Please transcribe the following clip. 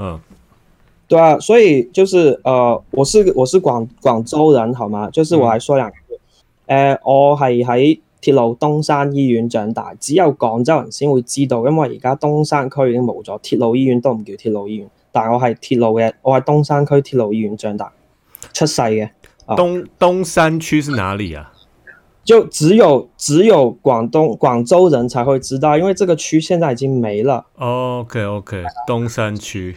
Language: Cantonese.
嗯，對啊，所以就是，誒、呃，我是我是廣廣州人，好嗎？就是我嚟說兩句、嗯呃，我喺喺鐵路東山醫院長大，只有廣州人先會知道，因為而家東山區已經冇咗鐵路醫院，都唔叫鐵路醫院，但我係鐵路嘅，我係東山區鐵路醫院長大，出世嘅、嗯，東東山區是哪裏啊？就只有只有廣東廣州人才會知道，因為這個區現在已經沒了。哦、OK OK，東山區。